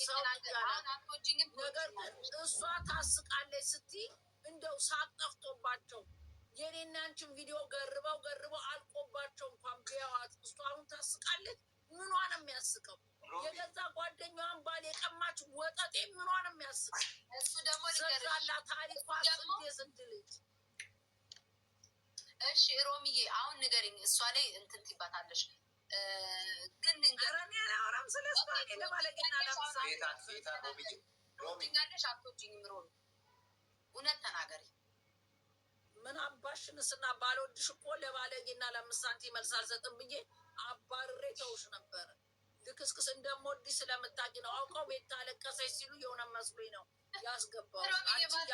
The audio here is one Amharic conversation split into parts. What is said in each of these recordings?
ነገር እሷ ታስቃለች ስትይ እንደው ሳቅ ጠፍቶባቸው የኔና ቪዲዮ ገርበው ገርበው አልቆባቸው እንኳን ቢያዋት እሷ አሁን ታስቃለች። ምኗ ነው የሚያስቀው? የገዛ ጓደኛዋን ባል የቀማች ወጠጤ ምኗ ነው የሚያስቀው? እሱ ደግሞ ዘጋላ ታሪኳ ስንቴ ስንት ልጅ እሺ ሮሚዬ አሁን ንገሪኝ፣ እሷ ላይ እንትን ትባታለች ግን ትኛለሽ አትወጂኝም። ሮሚ እውነት ተናገሪ። ምን አባሽንስና ባልወድሽ እኮ ለባለጌና ለአምስት ሳንቲም መልስ አልሰጥም ብዬ አባርሬ ተውሽ ነበረ። ልክስክስ እንደምወድሽ ስለምታቂ ነው። አውቀው ቤት ታለቀሰች ሲሉ የሆነ መስሎኝ ነው ያስገባው።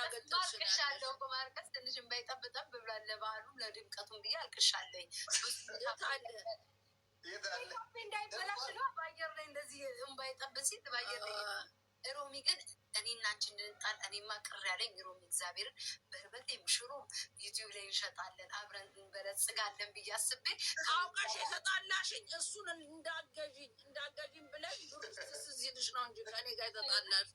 አልቅሻለሁ እኮ ማልቀስ ትንሽ እምባ ይጠብጠብ ለድምቀቱም ብዬ አልቅሻለኝ እንዳይበላሽ ነው ሮሚ ግን እኔ እናንቺ እንድንጣል እኔማ ቅር ያለኝ ሮሚ እግዚአብሔርን በህበት ሽሮ ዩቲዩብ ላይ እንሸጣለን አብረን እንበለጽጋለን ብዬ አስቤ ታውቃሽ የተጣላሽኝ እሱን እንዳገዥኝ እንዳገዥኝ ብለሽ ዱርስትስ ነው እንጂ ከኔ ጋር የተጣላሽ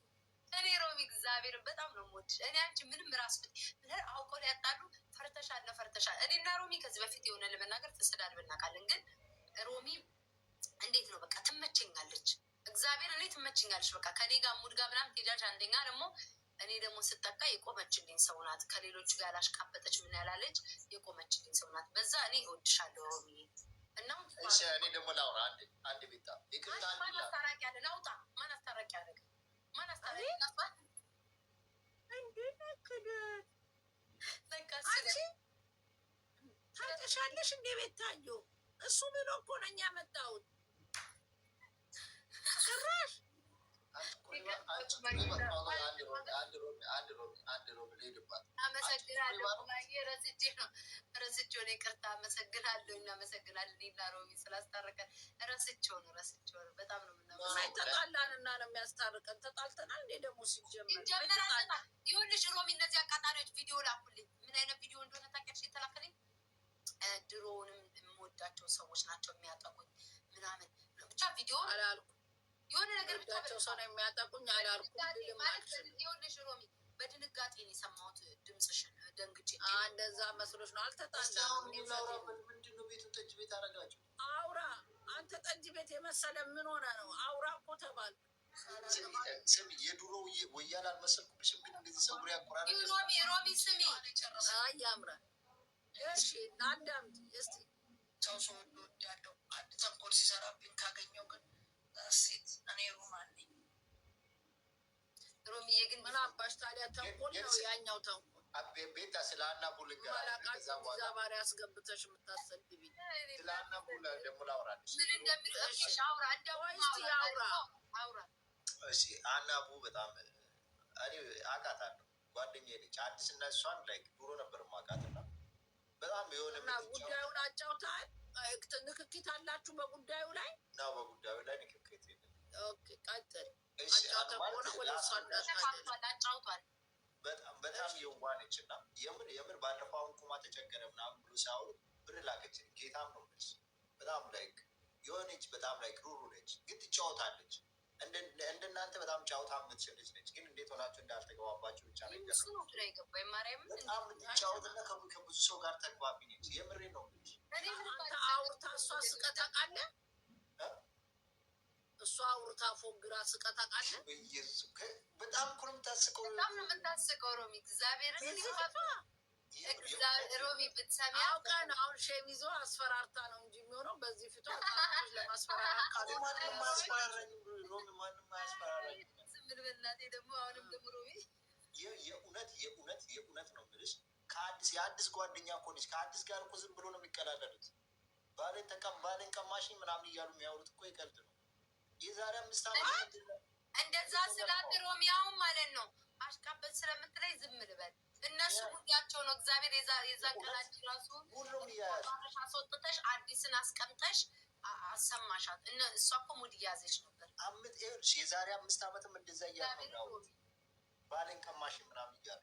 እኔ ሮሚ እግዚአብሔርን በጣም ነው የምወድሽ። እኔ አንቺ ምንም ራስ አውቆ ላይ ያጣሉ ፈርተሻል፣ ፈርተሻል። እኔና ሮሚ ከዚህ በፊት የሆነ ለመናገር ተሰዳድበን እናውቃለን ግን ሮሚ እንዴት ነው በቃ ትመቸኛለች። እግዚአብሔር እኔ ትመቸኛለች። በቃ ከኔ ጋር ሙድ ጋር ምናምን ትሄጃለች። አንደኛ ደግሞ እኔ ደግሞ ስጠቃ የቆመችልኝ ሰው ናት። ከሌሎቹ ጋር ያላሽቃበጠች ምን ያላለች የቆመችልኝ ሰው ናት። በዛ እኔ እወድሻለሁ ሮሚ እና እኔ ደግሞ ላውራ አንድ አንድ ቤታ ይቅርታ ማናስታራቂያለ ለውጣ ማናስታራቂያለ ማናስታራቂ እንዴ ታውቂሻለሽ እንዴ ቤታዮ እሱ ብሎ እኮ ነኝ ያመጣሁት። ጭራሽ ረስቼው ነው። ይቅርታ አመሰግናለሁ። እናመሰግናለን ሮሚ ስላስታረቀን። ረስቼው ነው ረስቼው ነው። በጣም ነው ነው የሚያስታርቀን። ተጣልተናል እንዴ ደግሞ ሲጀመር ይኸውልሽ፣ ሮሚ እነዚህ አቃጣሪዎች ቪዲዮ ላኩልኝ። ምን አይነት ቪዲዮ እንደሆነ ታውቂያለሽ? የተላከልኝ ድሮውንም የምወዳቸውን ሰዎች ናቸው የሚያጠቁኝ ምናምን ብቻ ቪዲዮ የሆነ ነገር ብቻቸው ሰው ነው የሚያጠቁኝ አላልኩልሽ። ሮሚ በድንጋጤ ነው የሰማሁት ድምፅሽን ደንግጬ እንደዛ መስሎች ነው። አልተጣላሁም። ምንድን ነው ቤቱን ጠጅ ቤት አደረጋቸው። አውራ አንተ ጠጅ ቤት የመሰለ ምን ሆነ ነው? አውራ እኮ ተባል ስሚ የድሮ ወያላ አልመሰልኩብሽም፣ ግን እንደዚህ ፀጉር ያቆራል። ሮሚ ስሚ ያምራል። እሺ እናዳምጥ እስኪ ሰው ሰው እንዲያለው አንድ ተንኮል ሲሰራብኝ ካገኘው ግን ሴት እኔ ሩማን ነኝ። ሮሚዬ ግን ምን አባሽ ታዲያ ተንኮል ነው ያኛው ተንኮል ቤታ ስለ አናቡል ዛባሪ አስገብተሽ የምታሰድቢ ስለ አናቡል ደግሞ ላውራለች። ምን እንደሚጠቅሽ አውራ እንደሆነ አውራ አውራ። እሺ አናቡ በጣም እኔ አውቃታለሁ፣ ጓደኛዬ ነች። አዲስ እና እሷን ላይ ድሮ ነበር ማውቃት በጣም የሆነ ጉዳዩን አጫውታል። ንክኪት አላችሁ በጉዳዩ ላይ እና በጉዳዩ ላይ ንክኪት ቀጥል። በጣም የዋህ ነች እና የምር የምር ባለፈው አሁን ቁማ ተቸገረ ምናምን ብሎ ሳይሆን ብር ላከችልኝ። ጌታም ነው በጣም ላይክ የሆነች በጣም ላይክ ሩሩ ነች፣ ግን ትጫወታለች እንደናንተ በጣም ጫውታ የምትችል ልጅ ነች። ግን እንዴት ሆናችሁ እንዳልተገባባችሁ ብቻ ነው ከብዙ ሰው ጋር ተግባቢ ነች። የምሬ ነው። አውርታ እሷ ስቀት እሷ አውርታ ፎግራ ስቀት በጣም እኮ ነው የምታስቀው፣ በጣም ነው የምታስቀው ሮሚ እግዚአብሔርን ሮቢ ብትሰሚ አውቃ ነው። አሁን አስፈራርታ ነው እንጂ የሚሆነው በዚህ ፊቷ ለማስፈራራት የእውነት ነው የምልሽ ከአዲስ የአዲስ ጓደኛ እኮ ነች። ከአዲስ ጋር እኮ ዝም ብሎ ነው የሚቀላለሉት። ባሌን ተቀም ባሌን ቀማሽኝ ምናምን እያሉ የሚያወሩት እኮ ይቀልድ ነው። የዛሬ አምስት እንደዛ ስላት ማለት ነው አሽቃበት ዝም ልበል እነሱ ጉዳያቸው ነው። እግዚአብሔር የዛን ቀናችን ራሱ አስወጥተሽ አዲስን አስቀምጠሽ አሰማሻት። እሷ እኮ ሙድ እያዘች ነበር። የዛሬ አምስት ዓመትም እንደዛ እያሉ ባሌን ቀማሽ ምናምን እያሉ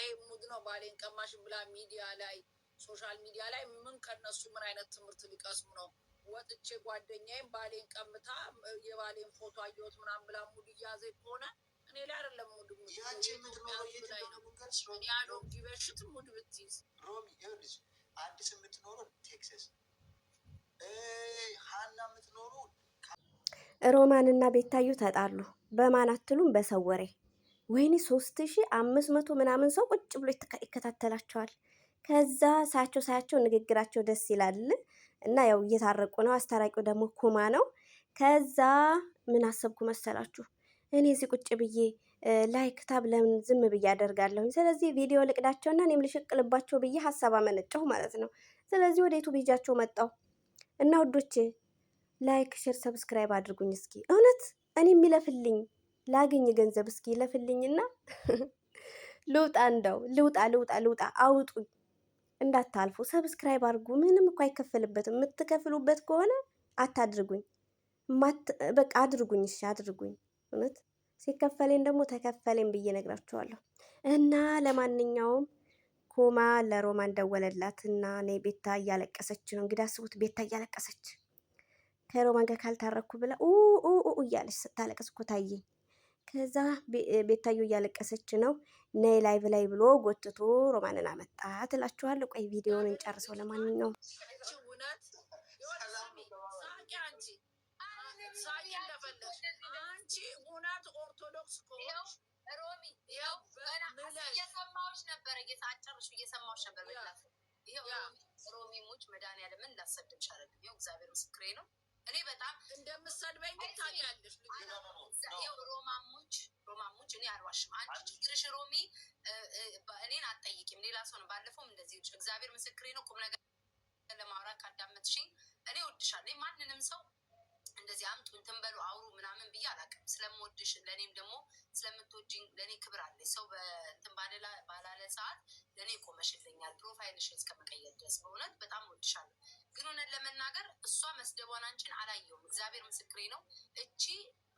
ይሄ ሙድ ነው። ባሌን ቀማሽ ብላ ሚዲያ ላይ ሶሻል ሚዲያ ላይ ምን ከነሱ ምን አይነት ትምህርት ሊቀስሙ ነው? ወጥቼ ጓደኛዬም ባሌን ቀምታ የባሌን ፎቶ አየሁት ምናምን ብላ ሙድ እያዘች ከሆነ እኔ ላይ አይደለም ሙድ ሙድ አዲስ የምትኖረው ቴክሳስ ሀና የምትኖሩ ሮማንና ቤታዩ ተጣሉ። በማን አትሉም? በሰው ወሬ ወይኔ ሶስት ሺ አምስት መቶ ምናምን ሰው ቁጭ ብሎ ይከታተላቸዋል። ከዛ ሳያቸው ሳያቸው ንግግራቸው ደስ ይላል እና ያው እየታረቁ ነው። አስታራቂው ደግሞ ኩማ ነው። ከዛ ምን አሰብኩ መሰላችሁ እኔ እዚህ ቁጭ ብዬ ላይክ ታብ ለምን ዝም ብዬ አደርጋለሁኝ? ስለዚህ ቪዲዮ ልቅዳቸውና እኔም ልሽቅልባቸው ብዬ ሀሳብ አመነጨሁ ማለት ነው። ስለዚህ ወደ ዩቱብ ይዣቸው መጣሁ እና ውዶቼ ላይክ፣ ሼር፣ ሰብስክራይብ አድርጉኝ። እስኪ እውነት እኔ የሚለፍልኝ ላገኝ ገንዘብ እስኪ ይለፍልኝና ልውጣ፣ እንደው ልውጣ፣ ልውጣ፣ ልውጣ፣ አውጡኝ እንዳታልፉ። ሰብስክራይብ አድርጉ። ምንም እኮ አይከፈልበትም። የምትከፍሉበት ከሆነ አታድርጉኝ። በቃ አድርጉኝ፣ እሺ አድርጉኝ። እውነት ሲከፈለኝ ደግሞ ተከፈለኝ ብዬ ነግራችኋለሁ። እና ለማንኛውም ኩማ ለሮማን ደወለላት እና እኔ ቤታ እያለቀሰች ነው እንግዲህ አስቡት፣ ቤታ እያለቀሰች ከሮማን ጋር ካልታረኩ ብላ እያለች ስታለቀስ እኮ ታየኝ። ከዛ ቤታዩ እያለቀሰች ነው ነይ ላይ ብላይ ብሎ ጎትቶ ሮማንን አመጣት እላችኋለሁ። ቆይ ቪዲዮውን እንጨርሰው ለማንኛውም አንቺ እውነት ኦርቶዶክስ ከሆንሽ ሮሚ እየሰማዎች ነበረ ጌታጨርሽ እየሰማዎች ነበር ሮሚ ሙች መድኃኒዓለምን ላሰድብሽ አለ እግዚአብሔር ምስክሬ ነው። እኔ በጣም እንደምሰድበኝ ታውቂያለሽ። ሮማሙች ሮማሙች እኔ አልዋሽም። አንቺ ችግርሽ ሮሚ እኔን አትጠይቂም፣ ሌላ ሰው ነው። ባለፈውም እንደዚህ እግዚአብሔር ምስክሬ ነው። ቁም ነገር ለማውራት ካዳመጥሽኝ እኔ እወድሻለሁ ማንንም ሰው እንደዚህ አምጡ እንትን በሉ አውሩ ምናምን ብዬ አላውቅም። ስለምወድሽ ለእኔም ደግሞ ስለምትወጂኝ ለእኔ ክብር አለኝ። ሰው በእንትን ባላለ ሰዓት ለእኔ ቆመሽልኛል፣ ፕሮፋይልሽን እስከመቀየር ድረስ በእውነት በጣም ወድሻለሁ። ግን እውነት ለመናገር እሷ መስደቧን አንቺን አላየውም። እግዚአብሔር ምስክሬ ነው። እቺ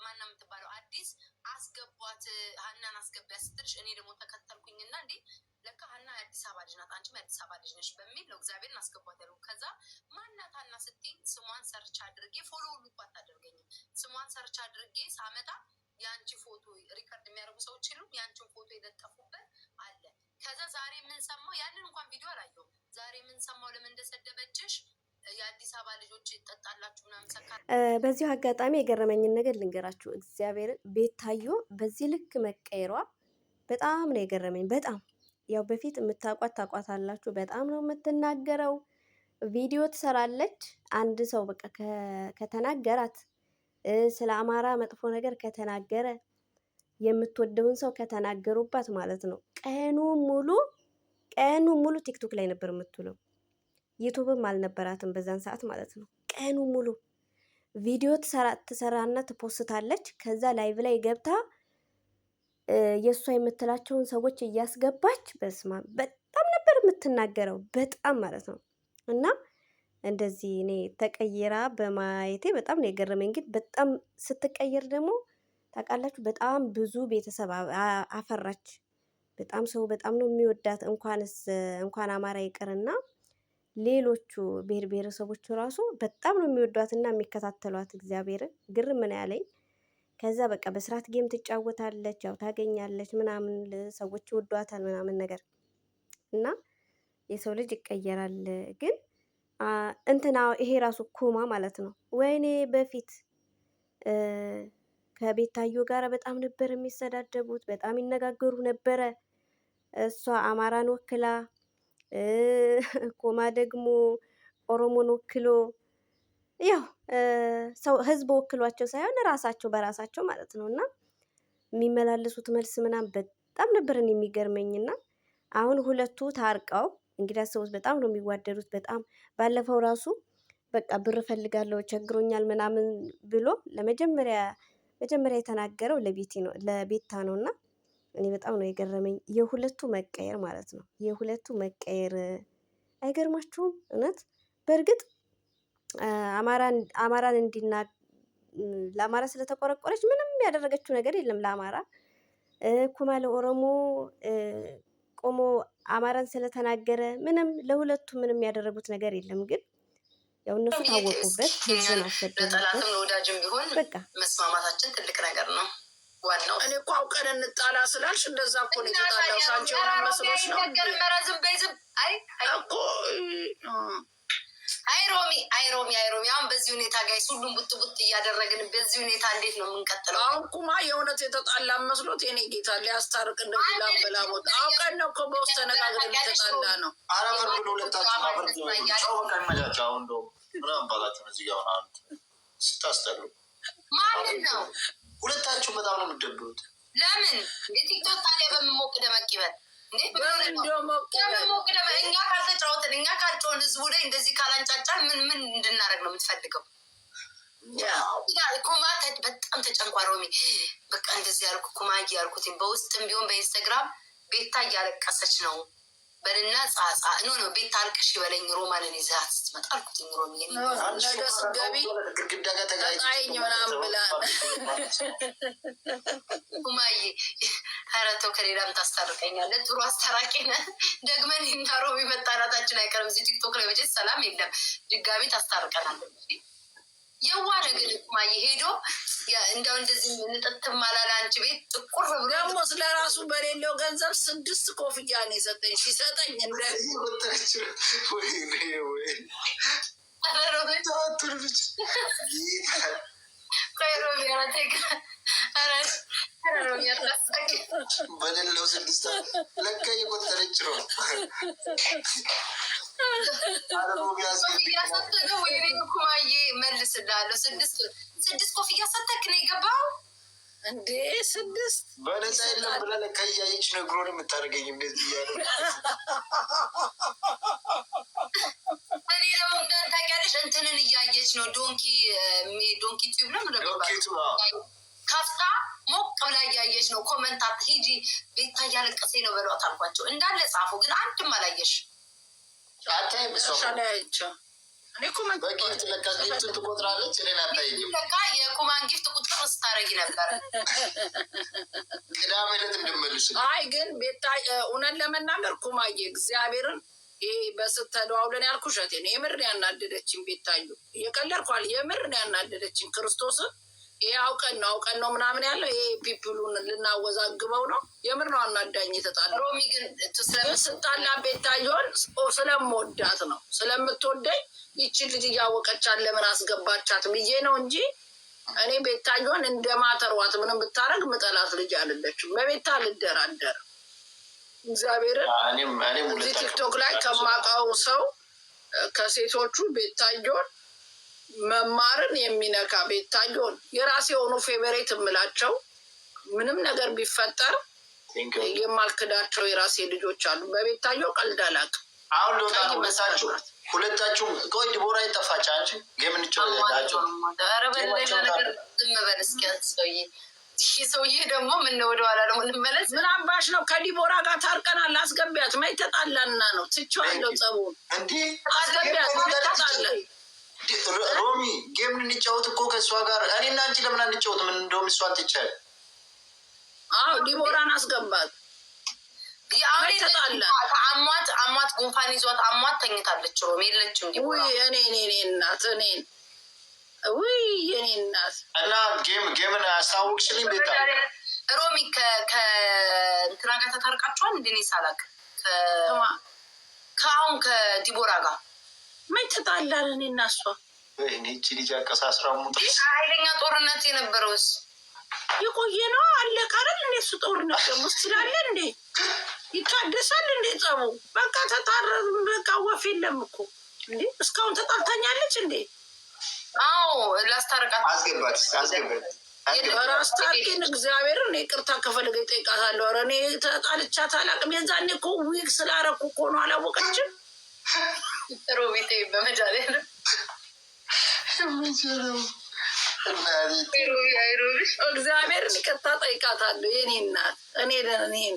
ማና የምትባለው አዲስ አስገቧት፣ ሀናን አስገቢያ ስትልሽ እኔ ደግሞ ተከተልኩኝና እንዴ ለካ ሀና የአዲስ አበባ ልጅ ናት፣ አንቺም የአዲስ አበባ ልጅ ነች በሚል ነው እናስገባት አስገቧት። ከዛ ማናት ሀና ስትይ ስሟን ሰርች አድርጌ ፎሎ ሁሉ እኮ አታደርገኝም። ስሟን ሰርች አድርጌ ሳመጣ የአንቺ ፎቶ ሪከርድ የሚያደርጉ ሰዎች የሉም፣ የአንቺን ፎቶ የለጠፉበት አለ። ከዛ ዛሬ የምንሰማው ያንን እንኳን ቪዲዮ አላየው ዛሬ የምንሰማው ለምን እንደሰደበችሽ የአዲስ አበባ ልጆች ይጠጣላችሁ ምናምን ሰካ። በዚሁ አጋጣሚ የገረመኝን ነገር ልንገራችሁ። እግዚአብሔርን ታዩ በዚህ ልክ መቀየሯ በጣም ነው የገረመኝ በጣም ያው በፊት የምታውቋት ታውቋታላችሁ። በጣም ነው የምትናገረው። ቪዲዮ ትሰራለች። አንድ ሰው በቃ ከተናገራት ስለ አማራ መጥፎ ነገር ከተናገረ የምትወደውን ሰው ከተናገሩባት ማለት ነው ቀኑ ሙሉ ቀኑ ሙሉ ቲክቶክ ላይ ነበር የምትውለው። ዩቱብም አልነበራትም በዛን ሰዓት ማለት ነው። ቀኑ ሙሉ ቪዲዮ ትሰራና ትፖስታለች። ከዛ ላይቭ ላይ ገብታ የእሷ የምትላቸውን ሰዎች እያስገባች በስማ በጣም ነበር የምትናገረው፣ በጣም ማለት ነው። እና እንደዚህ እኔ ተቀይራ በማየቴ በጣም ነው የገረመኝ። ግን በጣም ስትቀየር ደግሞ ታውቃላችሁ፣ በጣም ብዙ ቤተሰብ አፈራች። በጣም ሰው በጣም ነው የሚወዳት። እንኳንስ እንኳን አማራ ይቅርና ሌሎቹ ብሔር ብሔረሰቦቹ ራሱ በጣም ነው የሚወዷትና የሚከታተሏት። እግዚአብሔር ግርም ነው ያለኝ። ከዛ በቃ በስርዓት ጌም ትጫወታለች፣ ያው ታገኛለች ምናምን ሰዎች ይወዷታል ምናምን ነገር እና የሰው ልጅ ይቀየራል። ግን እንትና ይሄ ራሱ ኮማ ማለት ነው። ወይኔ በፊት ከቤታዮ ጋር በጣም ነበር የሚሰዳደቡት፣ በጣም ይነጋገሩ ነበረ። እሷ አማራን ወክላ ኮማ ደግሞ ኦሮሞን ወክሎ ያው ሰው ህዝብ ወክሏቸው ሳይሆን ራሳቸው በራሳቸው ማለት ነው እና የሚመላለሱት መልስ ምናምን በጣም ነበርን የሚገርመኝና አሁን ሁለቱ ታርቀው እንግዲህ አስቡት። በጣም ነው የሚዋደዱት። በጣም ባለፈው ራሱ በቃ ብር ፈልጋለሁ ቸግሮኛል ምናምን ብሎ ለመጀመሪያ መጀመሪያ የተናገረው ለቤቴ ነው ለቤታ ነው እና እኔ በጣም ነው የገረመኝ የሁለቱ መቀየር ማለት ነው የሁለቱ መቀየር አይገርማችሁም? እውነት በእርግጥ አማራን እንዲና ለአማራ ስለተቆረቆረች ምንም ያደረገችው ነገር የለም። ለአማራ ኩማ ለኦሮሞ ቆሞ አማራን ስለተናገረ ምንም ለሁለቱ ምንም ያደረጉት ነገር የለም። ግን ያው እነሱ ታወቁበት፣ ህዝብን አሸበጡበት። ለወዳጅም ቢሆን በቃ መስማማታችን ትልቅ ነገር ነው። ዋናው እኔ እኮ አውቀን እንጣላ ስላልሽ እንደዛ እኮ ነው የተጣላው። ሳንቺ የሆነ መስሎሽ አይ እኮ አይሮሚ አይሮሚ አይሮሚ አሁን በዚህ ሁኔታ ጋይ ሁሉም ቡጥ ቡጥ እያደረግን በዚህ ሁኔታ እንዴት ነው የምንቀጥለው? አሁን ኩማ የእውነት የተጣላ መስሎት የኔ ጌታ ሊያስታርቅ እንደሚላበላቦት አውቀን ነው እኮ በውስጥ ተነጋግር የተጣላ ነው። ስታስጠሉ ማንን ነው ሁለታችሁ? በጣም ነው የምትደብሩት። ለምን የቲክቶክ ታዲያ በምሞቅ ደመቅ ይበል እኛ ካልተጫወትን እኛ ካልጮን ህዝቡ ላይ እንደዚህ ካላንጫጫ ምን ምን እንድናደርግ ነው የምትፈልገው? ኩማ በጣም ተጨንቋ በቃ እንደዚህ ያልኩ ኩማ በውስጥም ቢሆን በኢንስታግራም ቤታ እያለቀሰች ነው በልና ጻጻ ኖ ነው ቤት ታርቅሽ በለኝ። ሮማንን ይዛት ስትመጣ አልኩት ሮሚ ገቢ ተቃይኝ ተረተው ከሌላም ታስታርቀኛለ። ጥሩ አስታራቂ ነ ደግመን እና ሮሚ መጣላታችን አይቀርም። እዚህ ቲክቶክ ላይ መቼ ሰላም የለም። ድጋሚ ታስታርቀናለ። የዋ ነገር ማ ሄዶ እንደው እንደዚህ ንጥት ማላል አንቺ ቤት ጥቁር ብሎ ደግሞ ስለ ራሱ በሌለው ገንዘብ ስድስት ኮፍያ ነው የሰጠኝ። ሲሰጠኝ በሌለው ስድስት ለካ ነው ኮፍያ ኮፍያ ሰተህ ነው የገባው እንዴ? ስድስት በነፃ ሞቅ ብላ እያየች ነው። ኮመንታት ሂጂ ቤታ እያለቀሴ ነው በሏት አልኳቸው። እንዳለ ጻፉ፣ ግን አንድም አላየሽ ጊፍቱን ትቆጥራለች። የኩማን ጊፍት ቁጥር ስታደርጊ ነበር ቅዳሜ ዕለት እንድመልስ። አይ ግን ቤታ እውነት ለመናገር ኩማዬ እግዚአብሔርን ይሄ በስተደዋውለን ያልኩሽ ነው። የምር ያናደደችን ቤታዩ የቀለድኳል። የምር ያናደደችን ክርስቶስን ይሄ አውቀን ነው አውቀን ነው ምናምን ያለው ይሄ ፒፕሉን ልናወዛግበው ነው። የምር ነው አናዳኝ የተጣለ ሮሚ ግን ስጣላ ቤታየሆን ስለምወዳት ነው ስለምትወደኝ ይችን ልጅ እያወቀቻት ለምን አስገባቻት ብዬ ነው እንጂ እኔ ቤታየሆን እንደ ማተሯት ምንም ብታደረግ ምጠላት ልጅ አልለችም። በቤታ ልደራደር እግዚአብሔርን እዚህ ቲክቶክ ላይ ከማውቀው ሰው ከሴቶቹ ቤታየሆን መማርን የሚነካ ቤታየሆን የራሴ የሆኑ ፌቨሬት የምላቸው ምንም ነገር ቢፈጠር የማልክዳቸው የራሴ ልጆች አሉ። በቤታየው ቀልድ አላውቅም። አሁን ሎጣ መሳችሁ ሁለታችሁም ቆይ ዲቦራ የጠፋች አንቺ የምንጫወታቸው ሰውዬ ደግሞ ምን ወደኋላ ደግሞ እንመለስ። ምን አባሽ ነው? ከዲቦራ ጋር ታርቀናል። አስገቢያት። ማይተጣላና ነው ትቼዋለሁ። ጸቡ እንዲህ አስገቢያት። ማይተጣላ ሮሚ ጌም እንጫወት እኮ ከእሷ ጋር እኔ እና አንቺ ለምን አንጫወት? ምን እንደውም እሷ ትቻል። አዎ ዲቦራን አስገባት። አሟት አሟት ጉንፋን ይዟት አሟት ተኝታለች። ሮሚ የለችም። ዲቦራ እኔ እኔ እኔ እናት እኔ ውይ የኔ እናት እና ጌም ጌምን አስታወቅሽልኝ። ቤታ ሮሚ ከእንትና ጋር ተታርቃችኋል? እንደ ሳላቅ ከአሁን ከዲቦራ ጋር ምን ተጣላን? እኔ እና እሷ ይህቺ ልጅ አቀሳስራ ኃይለኛ ጦርነት የነበረውስ የቆየ ነው። አለቀረል እንዴ? እሱ ጦርነት ደግሞ ስላለ እንዴ ይታደሳል እንዴ? ጸቡ በቃ ተጣረ። በቃ ወፍ የለም እኮ እንዴ! እስካሁን ተጣልታኛለች እንዴ? አዎ ላስታርቃት አስገባት አስገባት ራስታርቂን እግዚአብሔርን ይቅርታ ከፈለገ ይጠይቃታለሁ። ኧረ እኔ ተጣልቻት አላውቅም። የዛኔ እኮ ዊግ ስላረኩ እኮ ነው አላወቀችም። ሮቤቴ በመጃለ እግዚአብሔር ይቅርታ ጠይቃታለሁ። የኔ እናት እኔ እኔን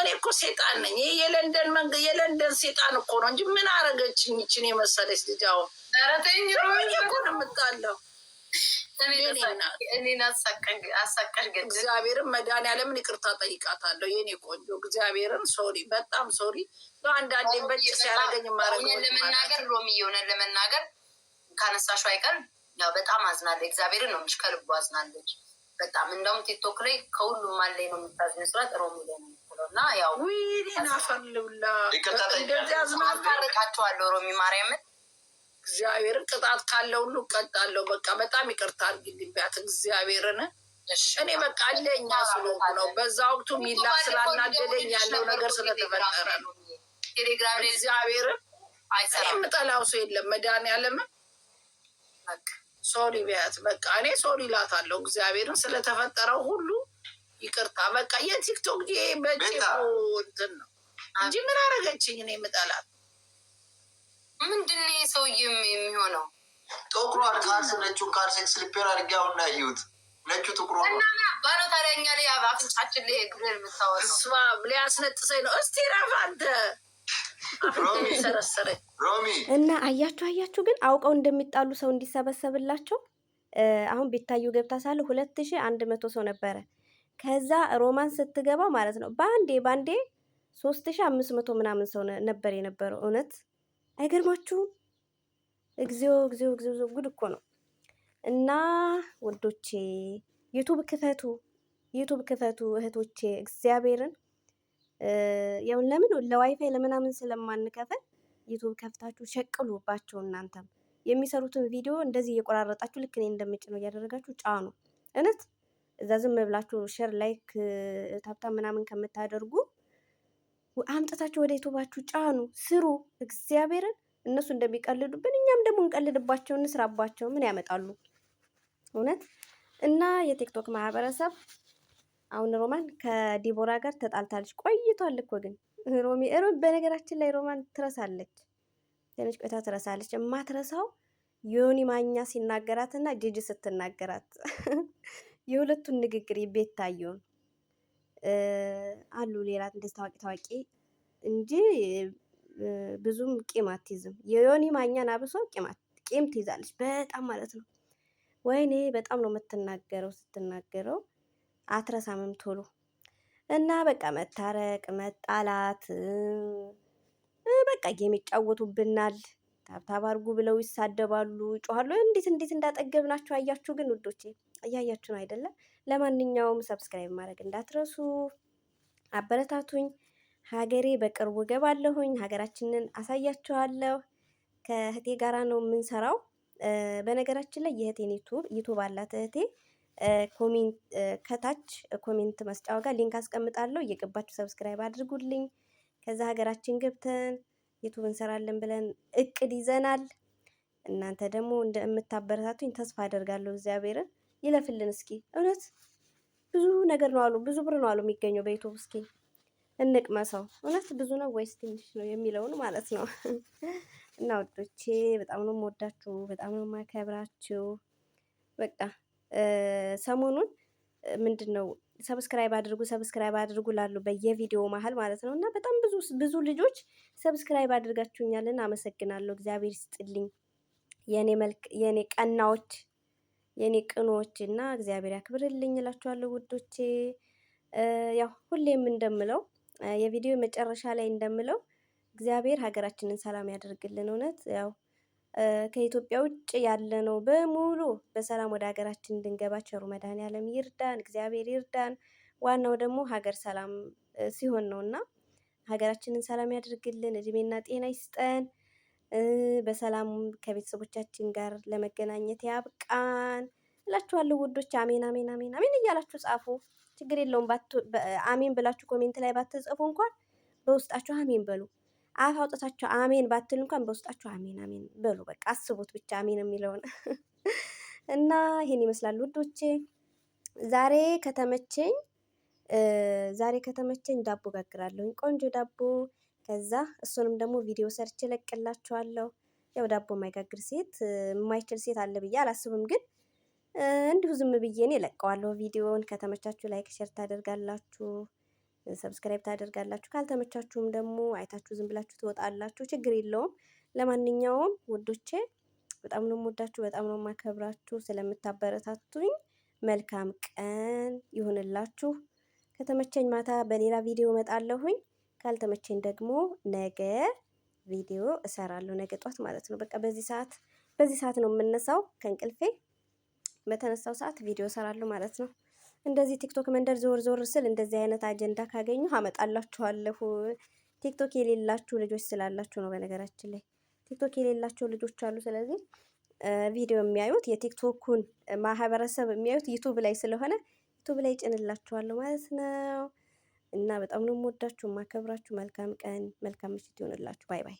እኔ እኮ ሴጣን ነኝ። ይህ የለንደን መንገ የለንደን ሴጣን እኮ ነው እንጂ ምን አረገችኝ? ይችን የመሰለች ረተኝ አሁን እኮ ነው የምጣለው እግዚአብሔርን መድኃኒዓለምን ይቅርታ ጠይቃታለሁ። የኔ ቆንጆ እግዚአብሔርን ሶሪ፣ በጣም ሶሪ። አንዳንዴ በጭ ሲያደርገኝ ለመናገር ሮሚ የሆነ ለመናገር ካነሳሽው አይቀር ያው በጣም አዝናለች። እግዚአብሔርን ነው ምሽ ከልቦ አዝናለች። በጣም እንደውም ቲክቶክ ላይ ከሁሉም አለኝ ነው የምታዝን ስራት ሮሚ ላይ ነው የምትለው እና ያው ይቅርታ ጠይቃቸዋለሁ ሮሚ ማርያምን እግዚአብሔርን ቅጣት ካለው ሁሉ ቀጣለው። በቃ በጣም ይቅርታ አድርጊልባት እግዚአብሔርን እኔ በቃ አለኛ ስለሆንኩ ነው። በዛ ወቅቱ ሚላ ስላናደደኝ ያለው ነገር ስለተፈጠረ ነው። እግዚአብሔርን የምጠላው ሰው የለም። መድኃኒዓለምን ሶሪ ቢያት በቃ እኔ ሶሪ እላታለሁ። እግዚአብሔርን ስለተፈጠረው ሁሉ ይቅርታ በቃ የቲክቶክ በጭ እንትን ነው እንጂ ምን አረገችኝ? እኔ የምጠላት ምንድን ነው የሰውዬ የሚሆነው? ጥቁሯን ካልስ ነጩን ካልስ ስሊፐር አድርጌ አሁን ያየሁት ነጩ ጥቁሯ ባለው ታዲያ እኛ ላይ አፍንጫችን ላይ እግር የምታወራው እሷ ሊያስነጥሰኝ ነው። እስቲ ረፍ አንተ እና አያችሁ አያችሁ፣ ግን አውቀው እንደሚጣሉ ሰው እንዲሰበሰብላቸው አሁን ቤታዩ ገብታ ሳለ ሁለት ሺህ አንድ መቶ ሰው ነበረ። ከዛ ሮማን ስትገባ ማለት ነው በአንዴ በአንዴ ሶስት ሺህ አምስት መቶ ምናምን ሰው ነበር የነበረው እውነት አይገርማችሁም? እግዚኦ እግዚኦ እግዚኦ ጉድ እኮ ነው። እና ወዶቼ ዩቱብ ክፈቱ፣ ዩቱብ ክፈቱ እህቶቼ እግዚአብሔርን ያው ለምን ለዋይፋይ ለምናምን ስለማንከፍል ዩቱብ ከፍታችሁ ሸቅሉባቸው። እናንተም የሚሰሩትን ቪዲዮ እንደዚህ እየቆራረጣችሁ ልክ እኔ ነው እያደረጋችሁ ጫኑ። እውነት እዛ ዝም ብላችሁ ሼር ላይክ ታብታ ምናምን ከምታደርጉ አምጥታችሁ ወደ ዩቱባችሁ ጫኑ፣ ስሩ። እግዚአብሔርን እነሱ እንደሚቀልዱብን እኛም ደግሞ እንቀልድባቸው፣ እንስራባቸው። ምን ያመጣሉ? እውነት እና የቲክቶክ ማህበረሰብ አሁን ሮማን ከዲቦራ ጋር ተጣልታለች። ቆይቷል እኮ ግን ሮሚ በነገራችን ላይ ሮማን ትረሳለች፣ ትንሽ ቆይታ ትረሳለች። የማትረሳው የዮኒ ማኛ ሲናገራትና ጂጂ ስትናገራት የሁለቱን ንግግር ቤት ታየውን አሉ ሌላ እንደዚህ ታዋቂ ታዋቂ እንጂ ብዙም ቂም አትይዝም። የዮኒ ማኛን አብሶ ቂም ትይዛለች በጣም ማለት ነው። ወይኔ በጣም ነው የምትናገረው። ስትናገረው አትረሳምም ቶሎ እና በቃ መታረቅ መጣላት በቃ ጌም ይጫወቱብናል። ታብታብ አድርጉ ብለው ይሳደባሉ፣ ይጮኋሉ። እንዴት እንዴት እንዳጠገብናቸው አያችሁ ግን ውዶቼ እያያችሁ ነው አይደለም? ለማንኛውም ሰብስክራይብ ማድረግ እንዳትረሱ፣ አበረታቱኝ። ሀገሬ በቅርቡ ገባለሁኝ፣ ሀገራችንን አሳያችኋለሁ። ከእህቴ ጋራ ነው የምንሰራው። በነገራችን ላይ የእህቴን ዩቱብ ዩቱብ አላት እህቴ። ከታች ኮሜንት መስጫው ጋር ሊንክ አስቀምጣለሁ። እየገባችሁ ሰብስክራይብ አድርጉልኝ። ከዛ ሀገራችን ገብተን ዩቱብ እንሰራለን ብለን እቅድ ይዘናል። እናንተ ደግሞ እንደምታበረታቱኝ ተስፋ አደርጋለሁ እግዚአብሔርን ይለፍልን እስኪ። እውነት ብዙ ነገር ነው አሉ፣ ብዙ ብር ነው አሉ የሚገኘው በዩቱብ። እስኪ እንቅመሰው፣ እውነት ብዙ ነው ወይስ ትንሽ ነው የሚለውን ማለት ነው። እና ወዶቼ በጣም ነው የምወዳችሁ፣ በጣም ነው የማከብራችሁ። በቃ ሰሞኑን ምንድን ነው ሰብስክራይብ አድርጉ ሰብስክራይብ አድርጉ ላሉ በየቪዲዮ መሀል ማለት ነው። እና በጣም ብዙ ብዙ ልጆች ሰብስክራይብ አድርጋችሁኛልን፣ አመሰግናለሁ። እግዚአብሔር ይስጥልኝ የኔ መልክ የኔ ቀናዎች የኔ ቅኖች እና እግዚአብሔር ያክብርልኝ እላችኋለሁ ውዶቼ። ያው ሁሌም እንደምለው የቪዲዮ መጨረሻ ላይ እንደምለው እግዚአብሔር ሀገራችንን ሰላም ያደርግልን። እውነት ያው ከኢትዮጵያ ውጭ ያለነው በሙሉ በሰላም ወደ ሀገራችን እንድንገባ ቸሩ መድኃኔዓለም ይርዳን፣ እግዚአብሔር ይርዳን። ዋናው ደግሞ ሀገር ሰላም ሲሆን ነው እና ሀገራችንን ሰላም ያደርግልን፣ እድሜና ጤና ይስጠን። በሰላም ከቤተሰቦቻችን ጋር ለመገናኘት ያብቃን እላችኋለሁ ውዶች። አሜን አሜን አሜን አሜን እያላችሁ ጻፉ፣ ችግር የለውም። አሜን ብላችሁ ኮሜንት ላይ ባትጽፉ እንኳን በውስጣችሁ አሜን በሉ። አፍ አውጥታችሁ አሜን ባትል እንኳን በውስጣችሁ አሜን አሜን በሉ። በቃ አስቡት ብቻ አሜን የሚለውን እና ይሄን ይመስላል ውዶቼ። ዛሬ ከተመቸኝ ዛሬ ከተመቸኝ ዳቦ ጋግራለሁኝ ቆንጆ ዳቦ ከዛ እሱንም ደግሞ ቪዲዮ ሰርች ለቅላችኋለሁ። ያው ዳቦ የማይጋግር ሴት የማይችል ሴት አለ ብዬ አላስብም፣ ግን እንዲሁ ዝም ብዬ እኔ ለቀዋለሁ። ቪዲዮውን ከተመቻችሁ ላይክ፣ ሼር ታደርጋላችሁ፣ ሰብስክራይብ ታደርጋላችሁ። ካልተመቻችሁም ደግሞ አይታችሁ ዝም ብላችሁ ትወጣላችሁ። ችግር የለውም። ለማንኛውም ውዶቼ በጣም ነው የምወዳችሁ፣ በጣም ነው የማከብራችሁ። ስለምታበረታቱኝ መልካም ቀን ይሁንላችሁ። ከተመቸኝ ማታ በሌላ ቪዲዮ እመጣለሁኝ። ካልተመቼን ደግሞ ነገ ቪዲዮ እሰራለሁ፣ ነገ ጧት ማለት ነው። በቃ በዚህ ሰዓት በዚህ ሰዓት ነው የምነሳው ከእንቅልፌ በተነሳው ሰዓት ቪዲዮ እሰራለሁ ማለት ነው። እንደዚህ ቲክቶክ መንደር ዞር ዞር ስል እንደዚህ አይነት አጀንዳ ካገኙ አመጣላችኋለሁ። ቲክቶክ የሌላችሁ ልጆች ስላላችሁ ነው። በነገራችን ላይ ቲክቶክ የሌላቸው ልጆች አሉ። ስለዚህ ቪዲዮ የሚያዩት የቲክቶኩን ማህበረሰብ የሚያዩት ዩቱብ ላይ ስለሆነ ዩቱብ ላይ ጭንላችኋለሁ ማለት ነው። እና በጣም ነው የምወዳችሁ የማከብራችሁ። መልካም ቀን መልካም ምሽት ይሆንላችሁ። ባይ ባይ።